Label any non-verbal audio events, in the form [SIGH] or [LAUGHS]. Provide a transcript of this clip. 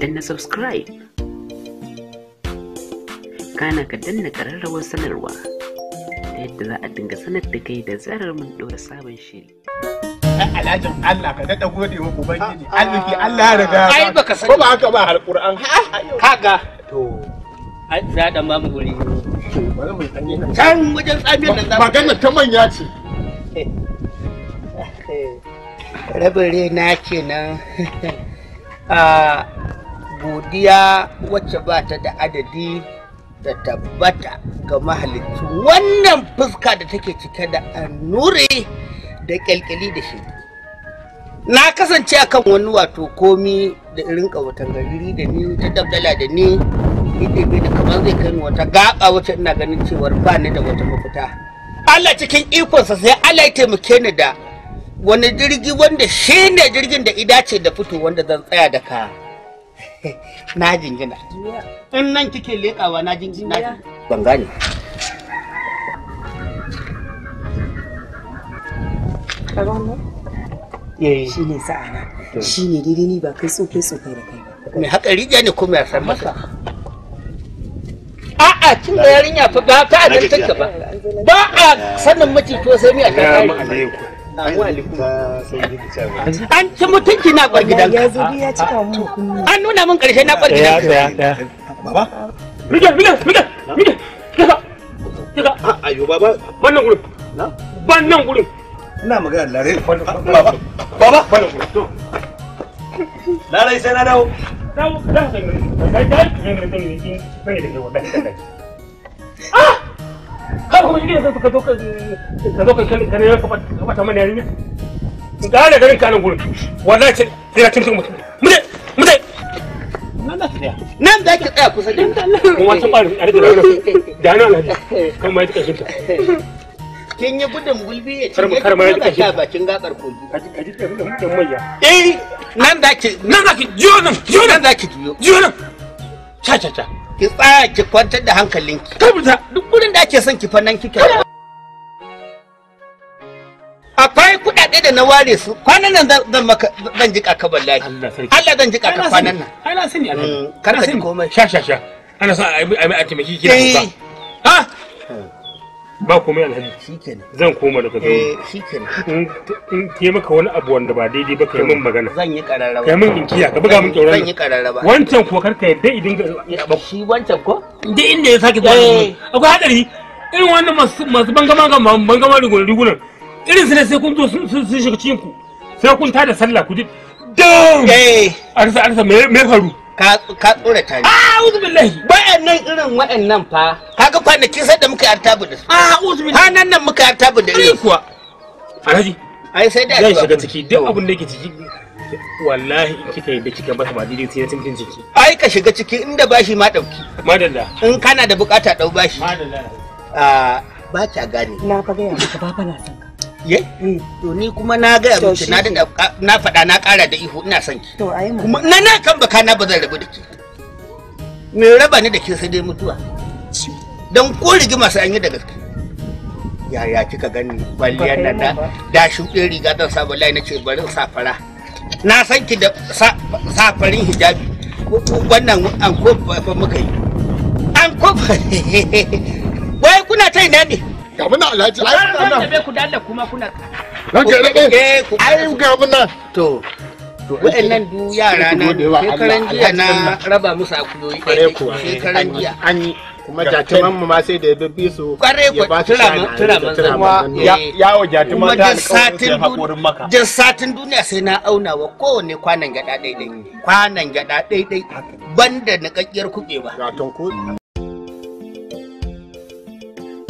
danna subscribe kana ka danna ƙararrawar sanarwa ta yadda za a dinga sanar da kai da zarar mun ɗora sabon shiri. alhajin Allah ka daɗa gode wa Ubangiji ah, ah. arziki Allah ya riga ai baka sani ko ba haka ba alƙur'an kaga to ai za da mamu guri mu tsanye nan can wajen tsamiyar nan magana ta manya ce eh, eh. rabin rena kenan a [LAUGHS] ah, godiya wacce ba ta da adadi da tabbata ga mahalicci wannan fuska da take cike da annuri da kyalkyali da shi na kasance akan wani wato komi da irin kawatan gariri da ni ta dabdala da ni idebe da kamar zai kai wata gaba wacce ina ganin cewar ba ni da wata mafita Allah cikin ikonsa sai Allah ya taimake ni da wani jirgi wanda shi ne jirgin da idace da fito wanda zan tsaya da ka [LAUGHS] na jingina in nan kike leƙawa na jingina ban gane eh. shi ne sa'ana shi ne ni ba kai tsoke tsokai da kai ba mai haka rijiya ne ko mai san masa a'a kin da yarinya fa ba ta adin take ba ba a sanin miji to sai a ta kai an ci mutunci na bar gidan ya zo ya cika mu ah, ah, ah. an nuna min karshe na bar gidan baba miguel miguel miguel miguel ayo baba wannan gurin na wannan gurin ina magana lare baba baba wannan gurin to lare sai na dawo dawo dawo kai kai kai kai kai kai kai kai kai kai kai har kuma ka zo ka zo ka kare kare ka bata mana yarinya ga da garin gurin wallahi tuntun mutum mu dai mu nan da ke tsaya kusa da kuma wasu ba a rike da da nan lafiya kan ma ya tuka shinta kin yi gudun gulbi ya cinye kar ma ya tuka shinta bakin gatsar kogi ka ji tafi da mutum manya eh nan da ke nan da ke jiyo nan jiyo nan da ke jiyo jiyo nan cha cha cha ki tsaya ki kwantar da hankalinki tabbata kudin da ake son ki fannan kika akwai kudade da na ware su kwanan nan zan maka zan jika ka wallahi Allah zan jika ka kwanan nan ai na sani Allah mm, kar ka komai sha sha sha ana son a yi a taimaki ki da ba komai alhaji shikenan zan koma daga gani eh shikenan in ke maka wani abu wanda ba daidai ba kai min magana zan yi kararrawa kai min inkiya ka buga min kyaurara zan yi kararrawa wancan ko karka yadda idan ga shi wancan ko inda inda ya saki zuwa eh. akwai hadari irin wannan masu bangama ga bangama rigunan rigunan irin su ne sai kun zo sun shiga cikin ku sai kun tada sallah ku ji dam eh. arsa arsa me faru ka tsora ta ne. A'udhu billahi. Wa'annan irin wa'annan fa. K'a Kaga kwanakin sai da muka yi artabu da su. A'udhu billahi. Hanan nan muka yi artabu da irin. kuwa. Alhaji. Ai sai da addu'a. Zan shiga ciki duk abin da yake ciki. Wallahi kika yi da kika masa ba daidai sai sun ciki. Ai ka shiga ciki inda bashi ma dauki. Madalla. In kana da bukata dau bashi. Madalla. Ah ba ta gane. Na fa ga yanzu ba fa na san ye mm. to ni kuma na ga miki na da na faɗa na ƙara da ihu ina son ki to ayi mu kuma na na kan baka na bazan rabu da ki me raba ni da ke sai dai mutuwa dan ko rigima sai an yi da gaske yaya kika gani kwaliyar nan da da shuɗe riga dan sa wallahi nace bari safara na san ki da safarin hijabi wannan an ko muka yi an ko [LAUGHS] wai kuna ta ina ne ga muna alhaji ai kuna nan ranka ku dalla kuma kuna ranka rade ai ga muna to to wa'annan du yara na shekaran jiya na raba musu akuyoyi shekaran jiya an yi kuma jatuman mu ma sai da ya bibbi su kware ku tura manzan yawo jatuman ta alƙawarin haƙorin maka jin satin duniya sai na auna wa kowane kwanan gyaɗa daidai kwanan gyaɗa daidai banda niƙaƙƙiyar kuɓe ba